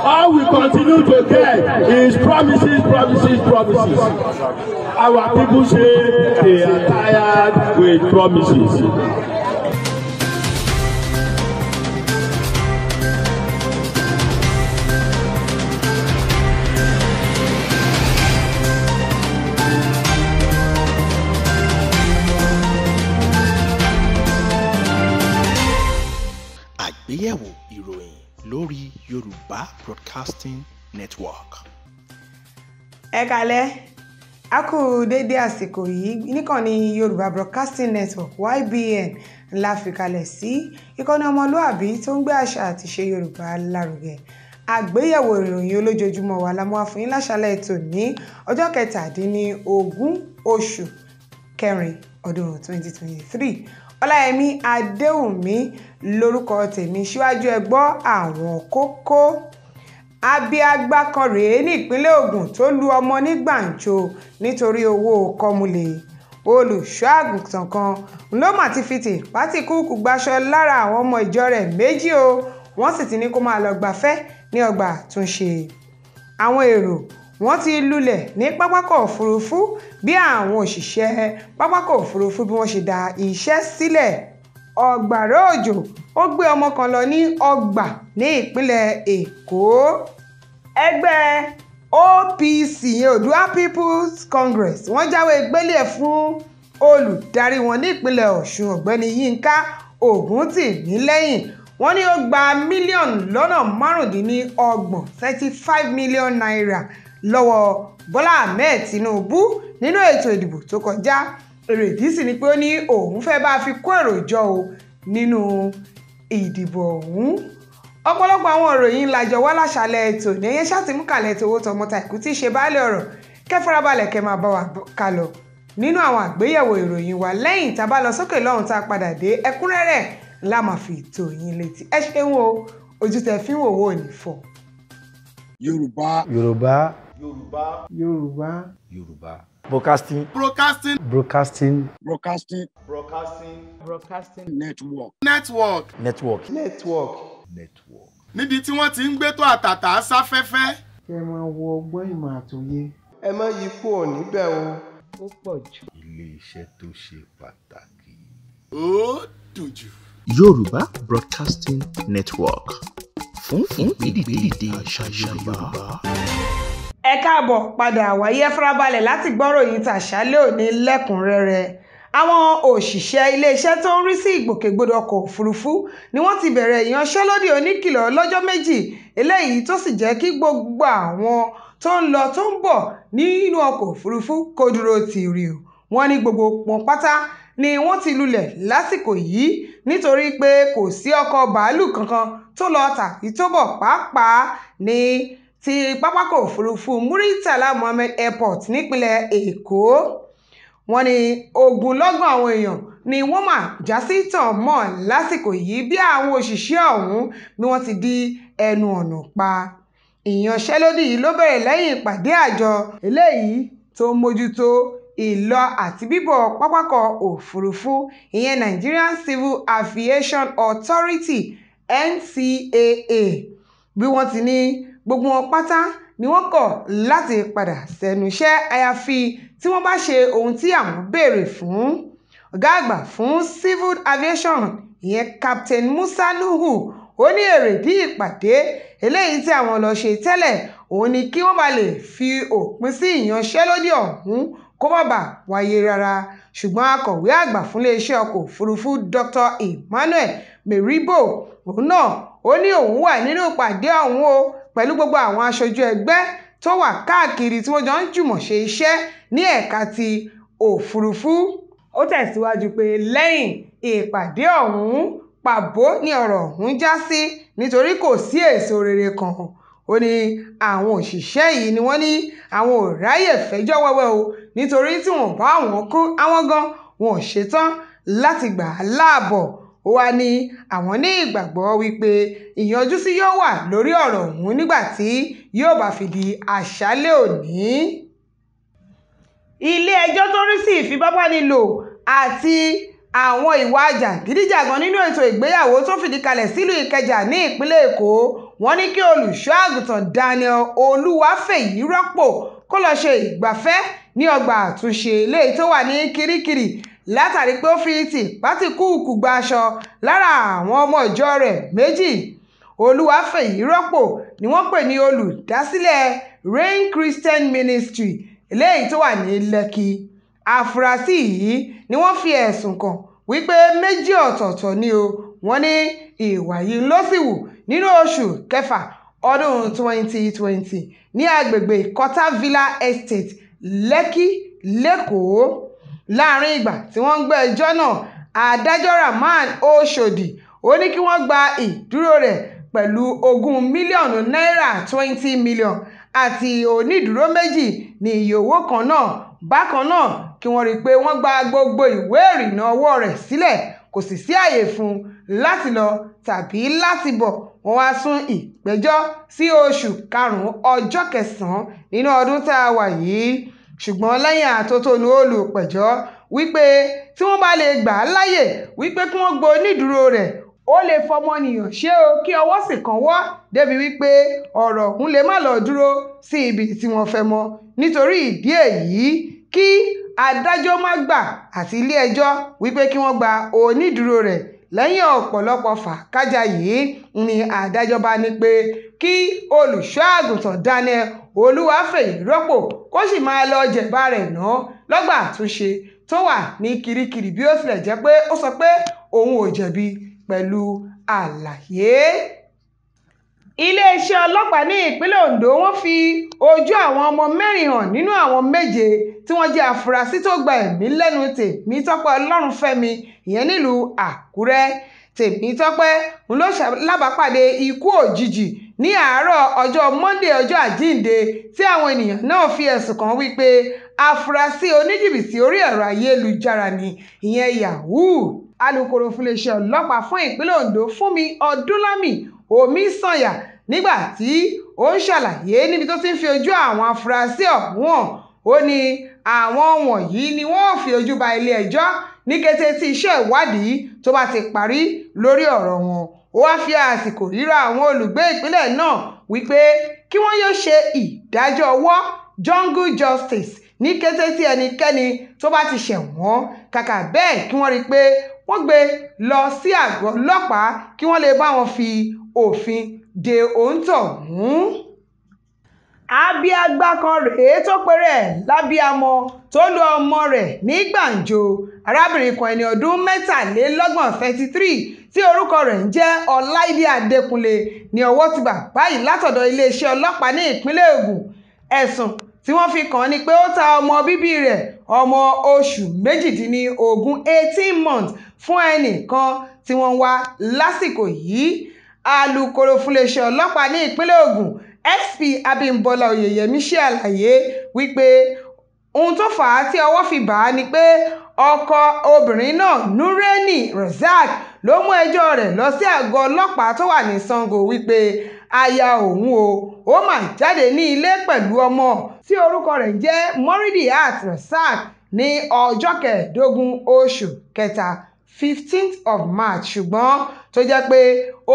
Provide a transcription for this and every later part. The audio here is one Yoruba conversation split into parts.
All we continue to get is promises, promises, promises. Our people say they are tired with promises. lórí Yorùbá Broadcasting Network. ẹ kalẹ̀ a kú déédéé àsìkò yìí níkànnì Yorùbá Broadcasting Network YBN la fi kalẹ̀ sí ìkànnì ọmọlúàbí tó ń gbé àṣà àti ìṣe Yorùbá lárugẹ àgbéyẹ̀wò ìròyìn olójoojúmọ́ wa la mú wá fún yín láṣálẹ́ tòní ọjọ́ kẹtàdínní ogún oṣù kẹrin ọdún twenty twenty three ọláyẹmí adéwùmí lórúkọ tèmi síwájú ẹ gbọ́ àwọn kókó abiagba kan rèé ní ìpínlẹ̀ Ògùn tó lu ọmọ ní gbàǹjo nítorí owó kọmúlẹ̀ olùṣọ́ àgùntàn kan ló mà ti fi tìpá ti kúkú gbaṣọ lára àwọn ọmọ ìjọ rẹ̀ méjì o wọ́n sì ti ní kó máa lọ gbafẹ́ ní ọgbà àtúnṣe àwọn èrò wọ́n ti lulẹ̀ ní pápákọ̀ òfurufú bí àwọn òṣìṣẹ́ pápákọ̀ òfurufú bí wọ́n ṣe da iṣẹ́ sílẹ̀ ọ̀gbàrá òjò ó gbé ọmọ kan lọ ní ọgbà ní ìpínlẹ̀ èkó ẹgbẹ́ OPC Odua People's Congress wọ́n jáwé gbélé fún olùdarí wọn nípínlẹ̀ ọ̀ṣun ọ̀gbẹ́ni yínká ògúntìmílẹ́yìn wọ́n ní ó gba mílíọ̀nù lọ́nà márùndínlọ́gbọ̀n thirty five million naira lọ́wọ́ Bọ́lá Ahmed Tinubu nínú ètò ìdìbò tó kọjá èrèdí sì ni pé ó ní òun fẹ́ bá fi kó èrò jọ o nínú ìdìbò ọ̀hún ọ̀pọ̀lọpọ̀ àwọn ìròyìn làjọ wá láṣàlẹ̀ ètò ní ẹyẹ ṣàtìmúkàlẹ̀ ètò owó tọmọta ìkú tí í ṣe baálé ọ̀rọ̀ kẹfarabalẹ̀ kẹ máa bá wa kà lọ nínú àwọn àgbéyẹ̀wò ìròyìn wa lẹ́yìn tá a bá lọ sókè lọ́hùn tá a padà dé ẹ̀kúnrẹ́rẹ́ la máa fi tó yín létí ẹ ṣeun o ojú tẹ fi ń wò wò ní fọ. Yorùbá. Yorùbá Yorùbá. Yorùbá. Yorùbá. Broadcasting. Broadcasting. Broadcasting. Broadcasting. Broadcasting. Broadcasting. Network. Network. Network. Network. Network. Níbi tí wọ́n ti ń gbé tó àtàtà sáfẹ́fẹ́. Ẹ máa wọ ọgbọ́n ìmọ̀ àtòyé. Ẹ má yí kúrò níbẹ̀ o. Ó pọ̀ jù. Ilé iṣẹ́ tó ṣe pàtàkì. Ó dùn jù. Yorùbá Broadcasting Network fún fún ìdílé àṣà Yorùbá. Yorùbá ẹ káàbọ̀ padà wáyé farabalẹ̀ láti gbọ́rọ̀ yìí tàṣálẹ́ òní lẹ́kùnrẹ́rẹ́ àwọn òṣìṣẹ́ iléeṣẹ́ tó ń rí sí ìgbòkègbodò ọkọ̀ òfurufú ni wọ́n ti bẹ̀rẹ̀ ìyanṣẹ́lódì oníkìlọ̀ lọ́jọ́ méjì eléyìí tó sì jẹ́ kí gbogbo àwọn tó ń lọ tó ń bọ̀ nínú ọkọ̀ òfurufú kó dúró tìrì o wọ́n ní gbogbo pọn pátá ni wọ́n ti lulẹ̀ lásìkò yìí nítorí pé kò sí ọkọ̀ bàálù kankan tó lọ tàbí tó bọ̀ pàápàá ní ti pápákọ̀ òfurufú muritala mohammed airport nípínlẹ̀ èkó wọ́n ní ogunlọ́gọ̀ àwọn èèyàn ni wọ́n mà já sí tàn mọ́ lásìkò yìí bí àwọn òṣìṣẹ́ ọ̀hún bí wọ́n ti di ẹnu ọ̀nà pa ìyanṣẹ́lódì yìí ló bẹ̀rẹ̀ lẹ́yìn ìpàdé àjọ eléyìí tó ń mójútó ìlọ àti bíbọ̀ pápákọ̀ òfurufú ìyẹn Nigerian Civil Aviation Authority NCAA bí wọ́n ti ní gbogbo wọn pátá ni wọ́n kọ̀ láti padà sẹ́nu iṣẹ́ àyàfi tí wọ́n bá ṣe ohun tí àwọn béèrè fún ọ̀gá àgbà fún civil aviation ìyẹn captain musa nuhu ó ní èrè bí ìpàdé eléyìí tí àwọn lọ ṣe tẹ́lẹ̀ òun ni kí wọ́n bá lè fi òpin sí ìyanṣẹ́lódì ọ̀hún kó má bàa wáyé rárá ṣùgbọ́n akọ̀wé àgbà fún iléeṣẹ́ ọkọ̀ òfurufú dr emmanuel meribo òun náà ó ní òun wà nínú ìpàdé ọ̀hún o pẹ̀lú gbogbo àwọn aṣojú ẹgbẹ́ tó wà káàkiri tí wọ́n jọ ń jùmọ̀ ṣe iṣẹ́ ní ẹ̀ka ti òfurufú ó tẹ̀síwájú pé lẹ́yìn ìpàdé ọ̀hún pàbó ni ọ̀rọ̀ ọ̀hún já sí nítorí kò sí èso rere kan ó ní àwọn òṣìṣẹ́ yìí ni wọ́n ní àwọn ò ráyè fẹjọ́ wẹ́wẹ́ o nítorí tí wọ́n bá àwọn kú àwọn gan wọn ò ṣetán láti gbà á láàbọ̀ ó wàá ní àwọn ní ìgbàgbọ́ wípé ìyanjúsí yóò wà lórí ọ̀rọ̀ ọ̀hún nígbà tí yóò bá fi di àṣálẹ́ òní ilé-ẹjọ́ tó rí sí ìfipábánilò àti àwọn ìwà jàgídíjàgan nínú ètò ìgbéyàwó tó fìdí kalẹ̀ sílùú ìkẹjà ní ìpínlẹ̀ èkó wọ́n ní kí olùṣọ́ àgùntàn daniel olúwàfẹ̀yí rọ́pò kó lọ́ọ́ ṣe ìgbafẹ́ ní ọgbà àtúnṣe eléyìí tó wà ní kirikiri látàrí pé ó fi tìpátìkúùkù gba aṣọ lára àwọn ọmọ ìjọ rẹ̀ méjì olúwàfẹ̀yí rọ́pò ni wọ́n pè ní olùdásílẹ̀ rain christian ministry eléyìí tó wà ní lẹ́kì àfúrásì yìí ni wọ́n fi ẹ̀sùn kàn wípé méjì ọ̀tọ̀ọ̀tọ̀ ni o wọ́n ní ìwà yìí ló sì wù nínú oṣù kẹfà ọdún 2020 ní agbègbè kọta villa estate lẹ́kì lẹ́kọ̀ọ́ láàrin ìgbà tí wọ́n ń gbọ́ ẹjọ́ náà adájọ́ rahman oshodi ó ní kí wọ́n gba ìdúró rẹ̀ pẹ̀lú ogún mílíọ̀nù náírà twenty million àti onídùúró méjì ní iye owó kan náà bákan náà kí wọ́n rí i pé wọ́n gba gbogbo ìwé ìrìnnà ọwọ́ rẹ̀ sílẹ̀ kò sì sí àyè fún un láti lọ tàbí láti bọ̀ wọ́n wá sún ìgbẹ́jọ́ sí oṣù karùn-ún ọjọ́ kẹsàn-án nínú ọdún tá a wà yìí ṣùgbọ́n lẹ́yìn àtótónu olùpẹ̀jọ́ wípé tí wọ́n bá lè gbà á láyè wípé kí wọ́n gba onídùúró rẹ̀ ó lè fọmọnìyàn ṣe o kí ọwọ́ sì kàn wọ́ débi wípé ọ̀rọ̀ ọ̀hún lè má lọ dúró sí ibi tí wọ́n fẹ́ mọ́ nítorí ìdí èyí kí adájọ́ má gbà àti ilé ẹjọ́ wípé kí wọ́n gba onídùúró rẹ̀ lẹ́yìn ọ̀pọ̀lọpọ̀ fàákájà yìí ni adájọ́ bá ní pé kí olùṣọ́àgùntàn Daniel Olúwafẹ́yì rọ́pò kó sì máa lọ jẹ̀bá rẹ̀ ná lọ́gbà àtúnṣe tó wà ní Kirikiri bí ó tilẹ̀ jẹ́ pé ó sọ pé òun ò jẹ̀bi pẹ̀lú àlàyé iléeṣẹ́ ọlọ́pàá ní ìpínlẹ̀ ondo wọ́n fi ojú àwọn ọmọ mẹ́rin hàn nínú àwọn méje tí wọ́n jẹ́ àfúrásì tó gba ẹ̀mí lẹ́nu tèmítọ́pẹ́ ọlọ́runfẹ́mi ìyẹn nílùú àkúrẹ́ tèmítọ́pẹ́ ń lọ ṣalábàápàdé ikú òjijì ní àárọ̀ ọjọ́ monde ọjọ́ àjíǹde tí àwọn ènìyàn náà fi ẹ̀sùn kàn wípé afurasí oníjìbìtì orí ẹ̀rọ ayélujára ni ìyẹn yahoo alūkkóró fúnléeṣẹ́ ọlọ́pàá fún ìpínlẹ̀ ondo fúnmi ọdúnlámì omi sànyà nígbà tí ó ń ṣàlàyé níbi tó ti ń fi ojú àwọn afurasí ọ̀hún hàn ó ní àwọn wọ̀nyí ni wọ́n fi ojú ba ilé-ẹjọ́ ní kété tí iṣẹ́ ìwádìí tó bá ti parí lórí ọ̀rọ̀ wọn ó wáá fi àsìkò ríra àwọn olùgbé ìpínlẹ̀ náà wípé kí wọ́n yóò ṣe ìdájọ́ ọwọ́ jungle justice ní kété tí ẹnikẹ́ni tó bá ti ṣẹ̀ wọ́n kàkà bẹ́ẹ̀ kí wọ́n rí i pé wọ́n gbé lọ sí àgọ́ ọlọ́pàá kí wọ́n lè bá wọn fi òfin de òǹtọ̀hún abiagba kan rèé tó péré ẹ̀ lábíàmọ tó lu ọmọ rẹ̀ ní gbàǹjo arábìnrin kan ẹni ọdún mẹ́tàlélọ́gbọ̀n thirty three tí orúkọ rẹ̀ ń jẹ́ ọláìdé adékúnlé ní ọwọ́ ti bà báyìí látọ̀dọ̀ iléeṣẹ́ ọlọ́pàá ní ìpínlẹ̀ ògùn ẹ̀sùn tí wọ́n fi kàn án ni pé ó ta ọmọ bíbí rẹ̀ ọmọ oṣù méjìdínlógún eighteen months fún ẹnìkan tí wọ́n wá lásìkò yìí alūkkóró fúnléeṣẹ́ ọlọ́pàá ní ìpínlẹ̀ Ògùn SP Abímbọ́lá Oyèyẹmí ṣe àlàyé wípé ohun tó fà á tí ọwọ́ fi bà á ni pé ọkọ obìnrin náà Nureni Razak ló mú ẹjọ́ rẹ̀ lọ sí àgọ́ ọlọ́pàá tó wà ní Sango wípé aya òun o ó mà jáde ní ilé pẹ̀lú ọmọ tí orúkọ rẹ̀ ń jẹ́ Moridiat Razak ní ọjọ́ kẹẹ̀ẹ́dógún oṣù kẹta fifteenth of march ṣùgbọ́n tó jẹ́ pé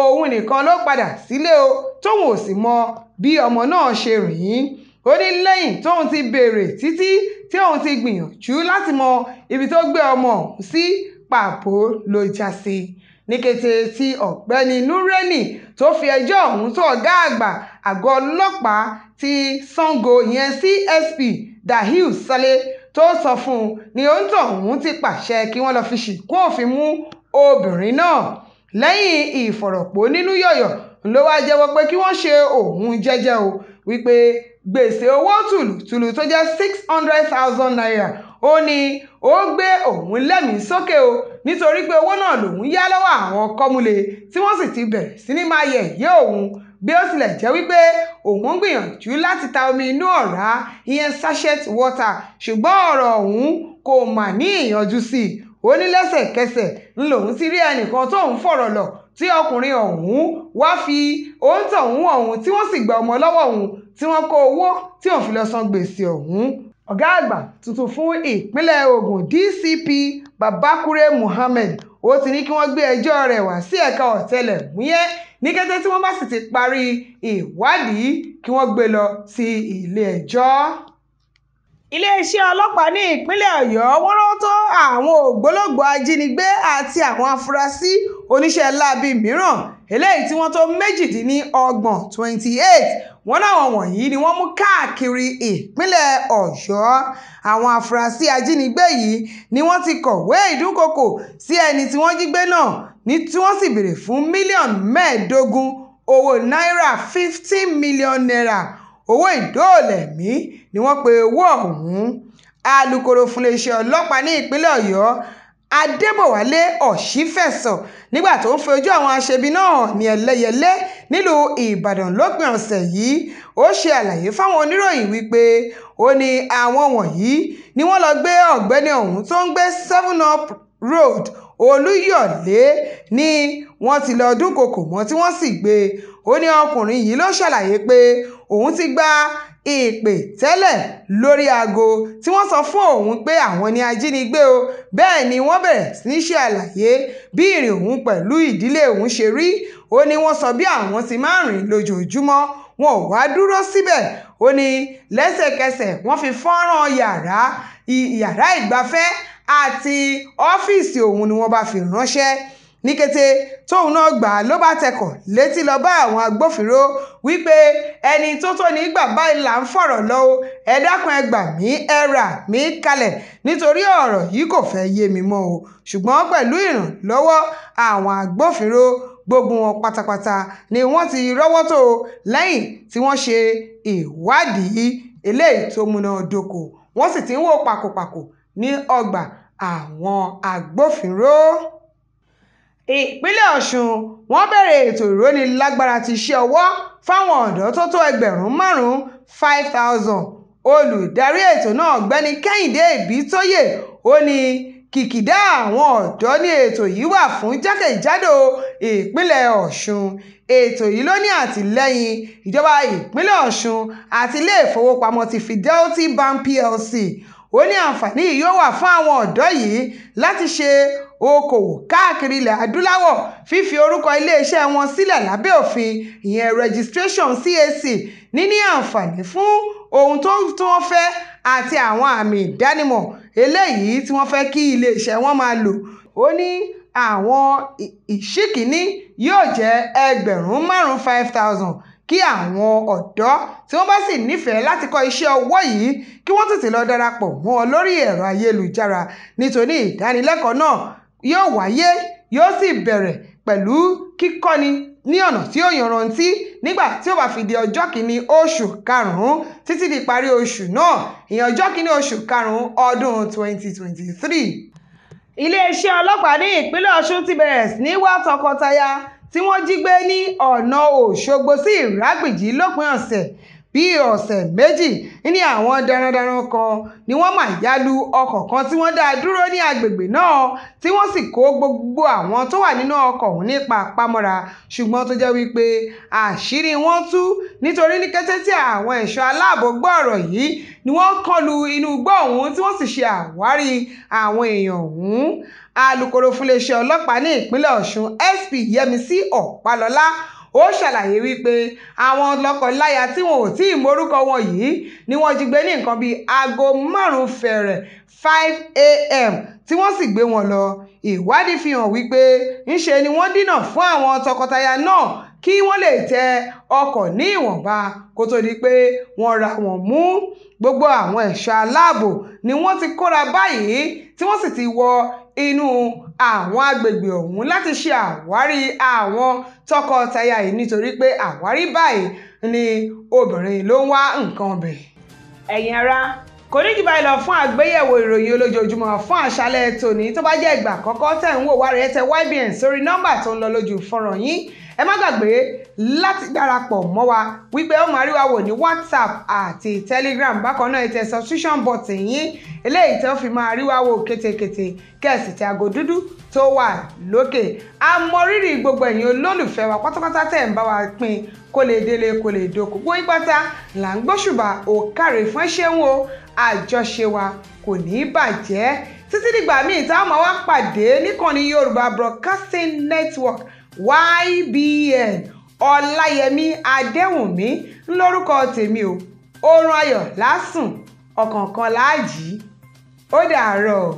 òun nìkan ló padà sílé o tóun ò sì mọ bí ọmọ náà ṣe rìn ó ní lẹ́yìn tóun ti béèrè títí tí òun ti gbìyànjú láti mọ ibi tó gbé ọmọ ọ̀hún sí pàbó ló já sí ní kété tí ọ̀gbẹ́ni nureni tó fi ẹjọ́ ọ̀hún tó ọ̀gá àgbà àgọ́ ọlọ́pàá ti sango ìyẹn csp dahiu saleh tó sọ fún un ni òǹtọ̀hún ti pàṣẹ kí wọ́n lọ́ọ́ fi ṣìnkún òfin mú obìnrin náà lẹ́yìn ìfọ̀rọ̀pọ̀ nínú yọ̀yọ̀ ló wáá jẹ́wọ́ pé kí wọ́n ṣe òun jẹ́jẹ́ o wípé gbèsè owó tùlùtùlù tó jẹ́ six hundred thousand naira ó ní ó gbé òun lẹ́mìí sókè o nítorí pé owó náà lòun yá lọ́wọ́ àwọn kọ́múlé tí wọ́n sì ti bẹ̀rẹ̀ sí ní máa yẹ̀ yé òun bí ó tilẹ̀ jẹ́ wípé òun ń gbìyànjú láti ta omi inú ọ̀rá ìyẹn sachet water ṣùgbọ́n ọ̀rọ̀ ọ̀hún kò mà ní ìyanjú sí i ó ní lẹ́sẹ̀kẹsẹ̀ ń lòun ti rí ẹnìkan tóun fọ̀rọ̀ lọ̀ tí ọkùnrin ọ̀hún wá fi òǹtọ̀hún ọ̀hún tí wọ́n sì gba ọmọ lọ́wọ́ òun tí wọ́n kó owó tí òun fi lọ san gbèsè ọ̀hún ọ̀gá àgbà tuntun fún ìpínlẹ̀ Ògùn DCP Babakure Muhammed ó ti ní kí wọ́n gbé ẹjọ́ rẹ̀ wá sí ẹ̀ka ọ̀tẹlẹ̀múyẹ́ ní kété tí wọ́n bá sì ti parí ìwádìí kí wọ́n gbé lọ sí ilé-ẹjọ́ iléeṣẹ́ ọlọ́pàá ní ìpínlẹ̀ ọ̀yọ́ wọ́n rán tó àwọn ògbólógbòó ajínigbé àti àwọn afurasí oníṣẹ́ láabi mìíràn eléyìí tí wọ́n tó méjìdínlọ́gbọ̀n twenty eight wọ́n láwọn wọ̀nyí ni wọ́n mú káàkiri ìpínlẹ̀ Ọ̀yọ́ àwọn afurasí ajínigbé yìí ni wọ́n ti kọ̀wé ìdúnkokò sí ẹni tí wọ́n jí gbé náà ní tí wọ́n sì béèrè fún mílíọ̀nù mẹ́ẹ̀ẹ́dógún owó náírà fifteen million naira owó ìdóòlẹ̀mí ni wọ́n pe owó ọ̀hún alūkkóró fúnléeṣẹ́ ọlọ́pàá ní ìpínlẹ̀ Ọ̀yọ́ adébọ̀wálé ọ̀ṣífẹ̀sọ nígbà tó ń fi ojú àwọn aṣebi náà hàn ní ẹlẹ́yẹlé nílùú ìbàdàn lópin ọ̀sẹ̀ yìí ó ṣe àlàyé fáwọn oníròyìn wípé ó ní àwọn wọ̀nyí ni wọ́n lọ gbé ọ̀gbẹ́ni ọ̀hún tó ń gbé seven up road olúyọ̀lé ni wọ́n ti lọ dúnkookò mọ́ tí wọ́n sì gbé e ó ní ọkùnrin yìí ló ṣàlàyé pé òun ti gba ìpè tẹ́lẹ̀ lórí aago tí wọ́n sọ fún òun pé àwọn ni ajínigbé o bẹ́ẹ̀ ni wọ́n bẹ̀rẹ̀ sí í ṣe àlàyé bí ìrìn òun pẹ̀lú ìdílé òun ṣe rí ó ní wọ́n sọ bí àwọn ti máa rìn lójoojúmọ́ wọn ò wá dúró síbẹ̀ ó ní lẹ́sẹ̀kẹsẹ̀ wọ́n fi fọ́nrán yàrá yàrá ìgbafẹ́ àti ọ́fíìsì òun ni wọ́n bá fi ránṣẹ́ ní kété tóun náà gbà á ló bá tẹkọ̀ létí lọ bá àwọn agbófinró wípé ẹni tó tó ní gbàgbá ìlà ń fọ̀rọ̀ lọ o ẹ dákun ẹ gbà mí ẹ rà mí kalẹ̀ nítorí ọ̀rọ̀ yìí kò fẹ́ yé mi mọ́ o ṣùgbọ́n pẹ̀lú ìrànlọ́wọ́ àwọn agbófinró gbogbo wọn pátápátá ni wọ́n ti rọ́wọ́ tó lẹ́yìn tí wọ́n ṣe ìwádìí eléyìí tó múná dóko wọ́n sì ti ń wò pàkòpàkò ní ọgbà àwọn agbófinró ìpínlẹ̀ ọ̀sùn wọ́n bẹ̀rẹ̀ ètò ìrónílágbára ti iṣẹ́ ọwọ́ fáwọn ọ̀dọ́ tó tó ẹgbẹ̀rún márùn-ún five thousand olùdarí ètò náà ọ̀gbẹ́ni kẹ́hìndé ìbítóyè ó ní kìkìdá àwọn ọ̀dọ́ ní ètò yìí wà fún jákèjádò ìpínlẹ̀ ọ̀sùn ètò yìí ló ní àtìlẹ́yìn ìjọba ìpínlẹ̀ ọ̀sùn àti ilé ìfowópamọ́ ti fidelity bank plc ó ní àǹfààní yìí yóò wà fún àwọn ọ̀dọ́ yìí láti ṣe okòwò káàkiri ilẹ̀ adúláwọ̀ fífi orúkọ iléeṣẹ́ wọn sílẹ̀ lábẹ́ òfin ìyẹn registration CAC níní àǹfààní fún ohun tó tí wọ́n fẹ́ àti àwọn àmì ìdánimọ̀ eléyìí tí wọ́n fẹ́ kí iléeṣẹ́ wọn máa lò ó ní àwọn ìṣíkíní yóò jẹ́ ẹgbẹ̀rún márùn-ún five thousand kí àwọn ọ̀dọ́ tí wọ́n bá sì nífẹ̀ẹ́ láti kọ́ iṣẹ́ ọwọ́ yìí kí wọ́n tètè lọ darapọ̀ mọ́ ọ lórí ẹ̀rọ ayélujára nítorí ìdánilẹ́kọ̀ọ́ náà yóò wáyé yóò sì bẹ̀rẹ̀ pẹ̀lú kíkọ́ni ní ọ̀nà tí ó yanrantí nígbà tí ó bá fi di ọjọ́ kìíní oṣù karùn-ún títí di ìparí oṣù náà ìyẹn ọjọ́ kìíní oṣù karùn-ún ọdún 2023 iléeṣẹ́ ọlọ́pàá ní ìpínlẹ̀ ọ̀ṣun ti bẹ̀rẹ̀ sí ní wá tọkọtaya tí wọ́n jí gbé ní ọ̀nà òṣogbo sí ìrágbìjí lópin ọ̀sẹ̀ bíi ọ̀sẹ̀ méjì ní àwọn darandaran kan ni wọ́n máa yálu ọkọ̀ kan tí wọ́n dá dúró ní agbègbè náà tí wọ́n sì kó gbogbo àwọn tó wà nínú ọkọ̀ ọ̀hún nípa àpamọ́ra ṣùgbọ́n tó jẹ́ wípé àṣírí wọn tú nítorí ní kété tí àwọn ẹ̀ṣọ́ aláàbò gbọ́ ọ̀rọ̀ yìí ni wọ́n kọlu inú igbó ọ̀hún tí wọ́n sì ṣe àwárí àwọn èèyàn ọ̀hún alukoro fúnléeṣẹ́ ọlọ́pàá ní ìpínlẹ̀ Ọ̀ṣun SP Yẹmisí Ọ̀pálọ́lá ó ṣàlàyé wípé àwọn lọ́kọláya tí wọn ò tí ì mórúkọ wọn yìí ni wọ́n jí gbé ní nǹkan bíi aago márùn-ún five a.m tí wọ́n sì gbé wọn lọ ìwádìí fi hàn wípé ńṣe ni wọ́n dínà fún àwọn tọkọtaya náà kí wọ́n lè tẹ ọkọ̀ ní ìwọ̀nba kó tó di pé wọ́n ra wọn mú gbogbo àwọn ẹ̀ṣọ́ aláàbò ni wọ́n ti kóra báyìí tí wọ́n sì ti wọ inú àwọn agbègbè ọ̀hún láti ṣe àwárí àwọn tọkọtaya yìí nítorí pé àwárí báyìí ni obìnrin ló ń wá nǹkan ọbẹ̀. ẹ̀yin ará kò ní jù báyìí lọ fún àgbéyẹ̀wò ìròyìn olójoojúmọ́ fún àṣálẹ́ tòní tó bá jẹ́ ìgbà àkọ́kọ́ tẹ̀ ń wò wá rẹ̀ tẹ YBN sórí nọ́mbà tó ń lọ lójú fọ́nrán yín ẹ má gbàgbé láti darapọ̀ mọ́ wa wípé ó máa wò ní whatsapp àti telegram bákan náà ètò subscription button yín eléyìí tó fi máa rí wa wò kétékété kẹ̀sì tí aago dúdú tó wà lókè a mọ rírì gbogbo ẹ̀yin olólùfẹ́ wa pátápátá tẹ̀ ń bá wa pín kó lè délé kó lè dóko gbóyìn pátá là ń gbóṣùbà òkàrè fún ṣéun o àjọṣe wa kò ní í bàjẹ́ títí dìgbà míì táwọn máa wá pàdé níkànnì yorùbá broadcasting network YBN ọláyẹmí adéwùnmí ńlórúkọ tèmi o oorun ayọ̀ lásùn ọ̀kọ̀ọ̀kan láàjì ó dàárọ̀